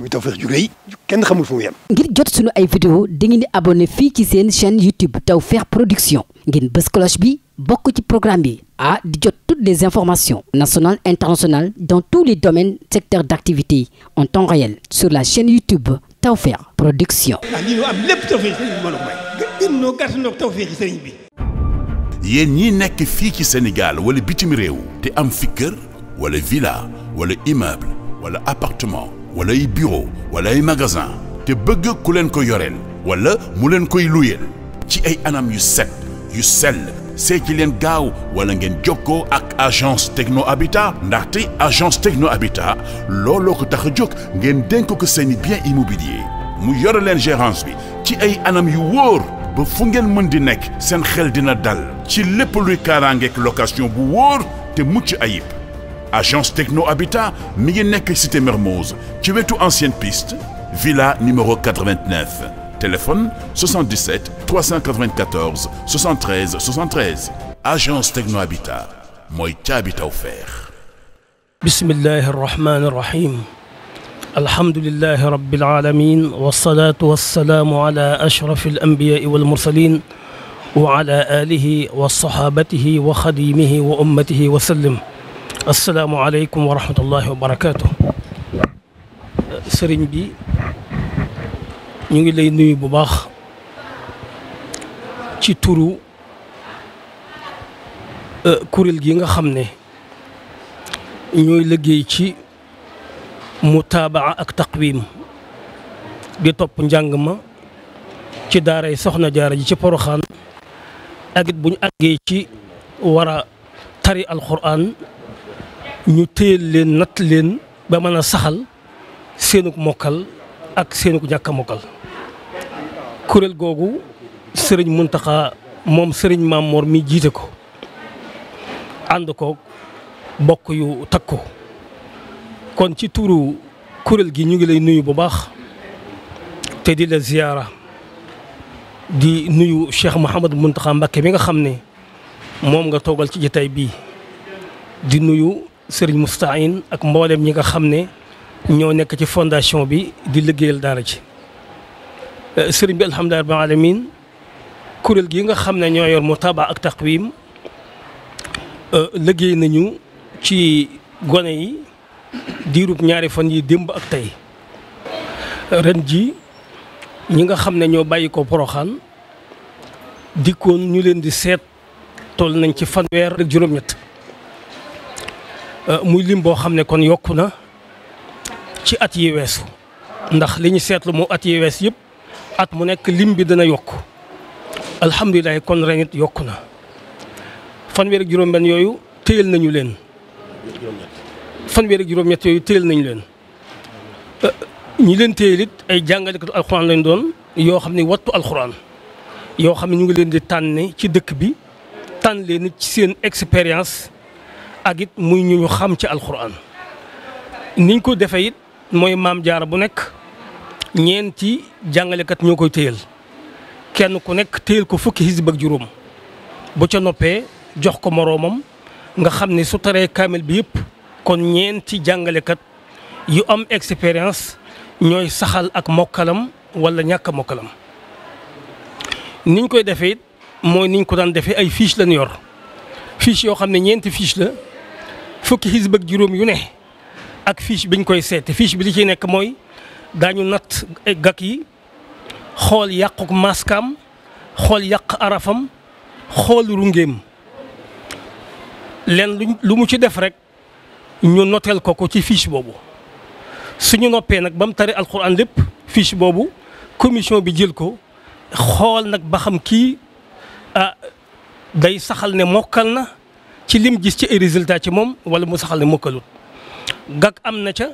muy Tawfekh ju ngir jot sunu ay vidéo dangeen di abonné fii ci seen chaîne YouTube Tawfekh Production ngeen bës cloche bi bokk ci programme bi ah di jot toutes les informations nationales internationales dans tous les domaines secteurs d'activité en temps réel sur la chaîne YouTube Tawfekh Production. ah lii am lépp Tawfekh sëriñ bi may. gën noo gàtt noo Tawfekh sëriñ bi. yéen nekk fii ci Sénégal wala bitim réew te am fi wala villa wala immeuble wala appartement. wala ay bureau wala ay magasin te bëgg ku leen ko yoreen wala mu leen koy luyeel ci ay anam yu set yu sel see ci leen gaaw wala ngeen jokkoo ak agence techno abita ndaxte agence techno habitat looloo ko tax jóg ngeen dénk ko seeni bien immobilier mu yore leen gérance bi ci ay anam yu woor ba fu ngeen mën di nekk seen xel dina dal ci lépp luy kaaraangeek location bu woor te mucc ayib agence techno habitat mi ngi nekk cité Mermoz ci wetu ancienne piste villa numéro agence techno habitat mooy ca offert. bismillahi rahmaani rahiim. alhamdulillahi rabbil aalamiin wassalaatu wassalaamu alaa ashrafil anbiyaa'i wal mursaliin wa alaa aalihi wa saxaabatihi wa asalaamualeykum wa rahmatullahi wa barakaatu. sëriñ bi ñu ngi lay nuyu bu baax ci turu euh, kuréel gi nga xam ne ñooy liggéey ci mutaabaa ak taqwiim di topp njàng ma ci daaray soxna jaara ji ci poroxaan ak it bu ñu àggee ci war a tari alquran ñu téyel leen natt leen ba mën a saxal seenuk mokkal ak seenuk ñàkk mokkal kuréel googu sëriñ Muntaxa moom sëriñ Mamor mi jiite ko ànd ko bokk yu takku kon ci tuuru kuréel gi ñu ngi lay nuyu bu baax te di la ziyaara di nuyu Cheikh Mouhamadou Mountakha Mbacké mi nga xam ni moom nga toogal ci jotaay bii di nuyu sëriñ Moustahine ak mboolem ñi nga xam ne ñoo nekk ci fondation bi di liggéeyal daara ci euh, sëriñ bi alhamdulilah rabbil alamin kuréel gi nga xam ne ñoo yor mutaba ak taqwim euh, liggéey nañu ci gone yi diirub ñaari fan yi démb ak tey ren ji ñi nga xam ne ñoo bàyyi ko poroxaan kon ñu leen di seet toll nañ ci fanweer ak juróom-ñett Euh, muy lim boo xam ne kon yokk na ci at yi weesu ndax li seetlu mu at yi wees yëpp at mu nekk lim bi dana yokk alhamdulilah kon ren yokk na fanweer ak juróom yooyu téyel nañu leen fanweer ak téyel nañu leen euh, ñi leen téyel ay jàngalekatu alxuraan lañ doon yoo xam ni wattu alxuraan yoo xam ne ñu ngi leen di tànne ci dëkk bi tànn leen ci seen expérience ak it muy ñu ñu xam ci alxuraan niñ ko defee it mooy maam jaara bu nekk ñeenti jàngalekat ñoo koy téyal kenn ku nekk téyal ko fukki xisib ak juróom bu ca noppee jox ko moroomam nga xam ne su taree kaamil bi yëpp kon ñeenti jàngalekat yu am expérience ñooy saxal ak mokkalam wala ñàkk a mokkalam niñ koy defee it mooy niñ ko daan defee ay fiche lañ yor fiche yoo xam ne ñeenti fiche la fukki xisb ak juróom yu ne ak fiche biñ koy seete fiche bi li ci nekk mooy daañu natt gàkk yi xool yàquk maskam xool yàq arafam xool rungeem leen lu mu ci def rek ñu noteel ko ko ci fiche boobu suñu noppee nag ba mu tari alxuraan lépp fiche boobu commission bi jël ko xool nag ba xam kii ah day saxal ne mokkal na ci lim gis ci ay résultat ci moom wala mu saxal ne mokkalut gag am na ca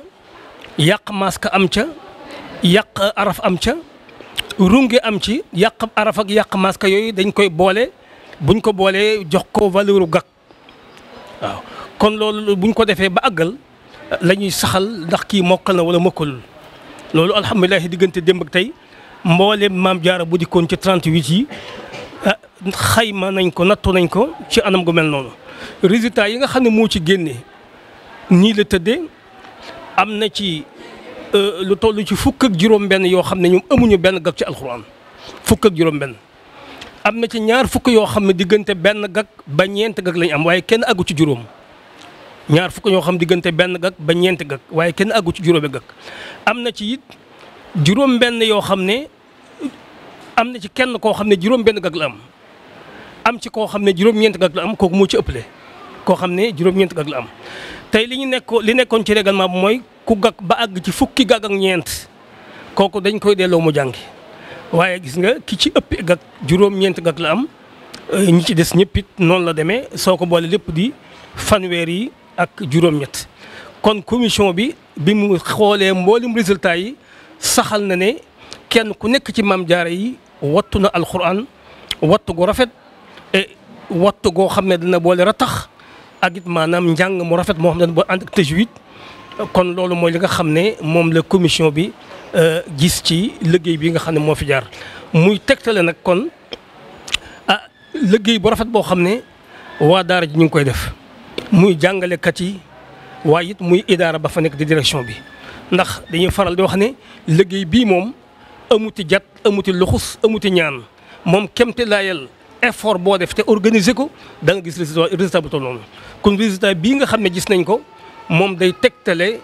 yàq maska am ca yàq araf am ca runge am ci yàq araf ak yàq maska yooyu dañ koy boole buñ ko boolee jox ko valeur u gag kon loolu buñ ko defee ba àggal la ñuy saxal ndax kii mokkal na wala mokkalul loolu alhamdulilah diggante démb ak tey mboolem maam jaara bu dikkoon ci 38 yi ah, xayma nañ ko nattu nañ ko ci anam gu mel noonu. résultat yi nga xam ne moo ci génne nii la tëdde am na ci euh, lu toll ci fukk ak juróom-benn yoo xam ne ñoom amuñu benn gag ci alxuraan fukk ak juróom-benn. am na ci ñaar fukk yoo xam ne diggante benn gag ba ñeent gag lañ am waaye kenn agu ci juróom ñaar fukk yoo xam diggante benn gag ba ñeent waaye kenn àggu ci juróomi gag am na ci it juróom-benn yoo xam ne am na ci kenn koo xam ne juróom-benn gag la am. am ci koo xam ne juróom-ñeent gag la am kooku moo ci ëppale koo xam ne juróom-ñeent gag la am tey li ñu nekk li nekkoon ci règlement bi mooy ku gag ba àgg ci fukki gag ak ñeent kooku dañ koy delloo mu jàngi waaye gis nga ki ci ëpp gag juróom-ñeent gag la am euh, ñi ci des ñëpp it noonu la demee soo ko boole lépp di fanweer yi ak juróom-ñett kon commission bi bi mu xoolee mboolem résultat yi saxal na ne kenn ku nekk ci maam jaara yi wattu na alxuraan wattu gu rafet wattu goo xam ne dina boole ratax ak it maanaam njàng mu rafet moo xam ne dina boole ànd kon loolu mooy li nga xam ne moom la commission bi euh, gis ci liggéey bi nga xam ne moo fi jaar muy tegtale nag kon ah liggéey bu rafet boo xam ne waa daara ji ñu ngi koy def muy jàngalekat yi waaye it muy idaara ba fa nekk di direction bi ndax dañuy faral di wax ne liggéey bi moom amuti jat amuti luxus amuti ñaan moom kemte laayal effort boo def te organiser ko danga gis résultat résultat bu toll noonu kon résultat bii nga xam ne gis nañ ko moom day tegtale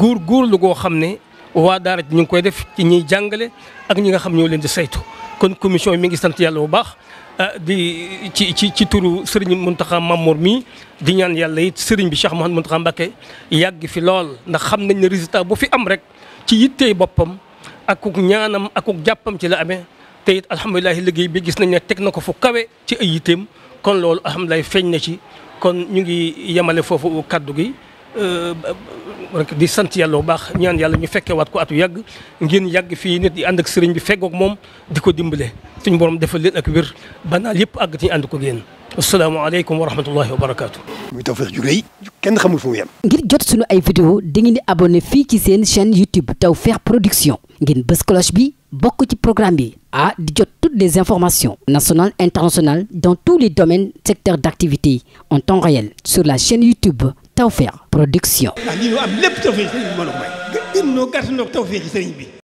góor góorgóorlu goo xam ne waa daara ji ñu ngi koy def ci ñiy jàngale ak ñi nga xam ñoo leen di saytu kon commission mi ngi sant yàlla bu baax ah, di ci ci ci turu Serigne Mountakha Mamour mii di ñaan yàlla it Serigne bi Cheikh Mouhamed Mountakha Mbacké yàgg fi lool ndax xam nañ ne résultat boo fi am rek ci yittey boppam ak akuk ñaanam akuk jàppam ci la amee. te it alhamdulilah liggéey bi gis nañ ne teg na ko fu kawe ci ay yitteem kon loolu alhamdulilah feeñ na ci kon ñu ngi yemale foofu kaddu gi euh, rek di sant yàlla bu baax ñaan yàlla ñu fekkee waat ko atu yàgg ngeen yàgg fii nit yi ànd ak sëriñ bi feggoog moom di ko dimbale suñu borom defal leen ak wér banaal yëpp àgg ci ànd ko ngeen asalaamaaleykum wa rahmatullahi wa barakaatu. muy Tawfekh ngir jot sunu ay vidéo dangeen di abonné fii ci seen chaîne YouTube Tawfekh Production ngeen bës cloche bi bokk ci programme bi a di jot toutes les informations nationales internationales dans tous les domaines secteurs d'activité en temps réel sur la chaîne YouTube Tawfekh Production. Ah, a may. gën gën ñoo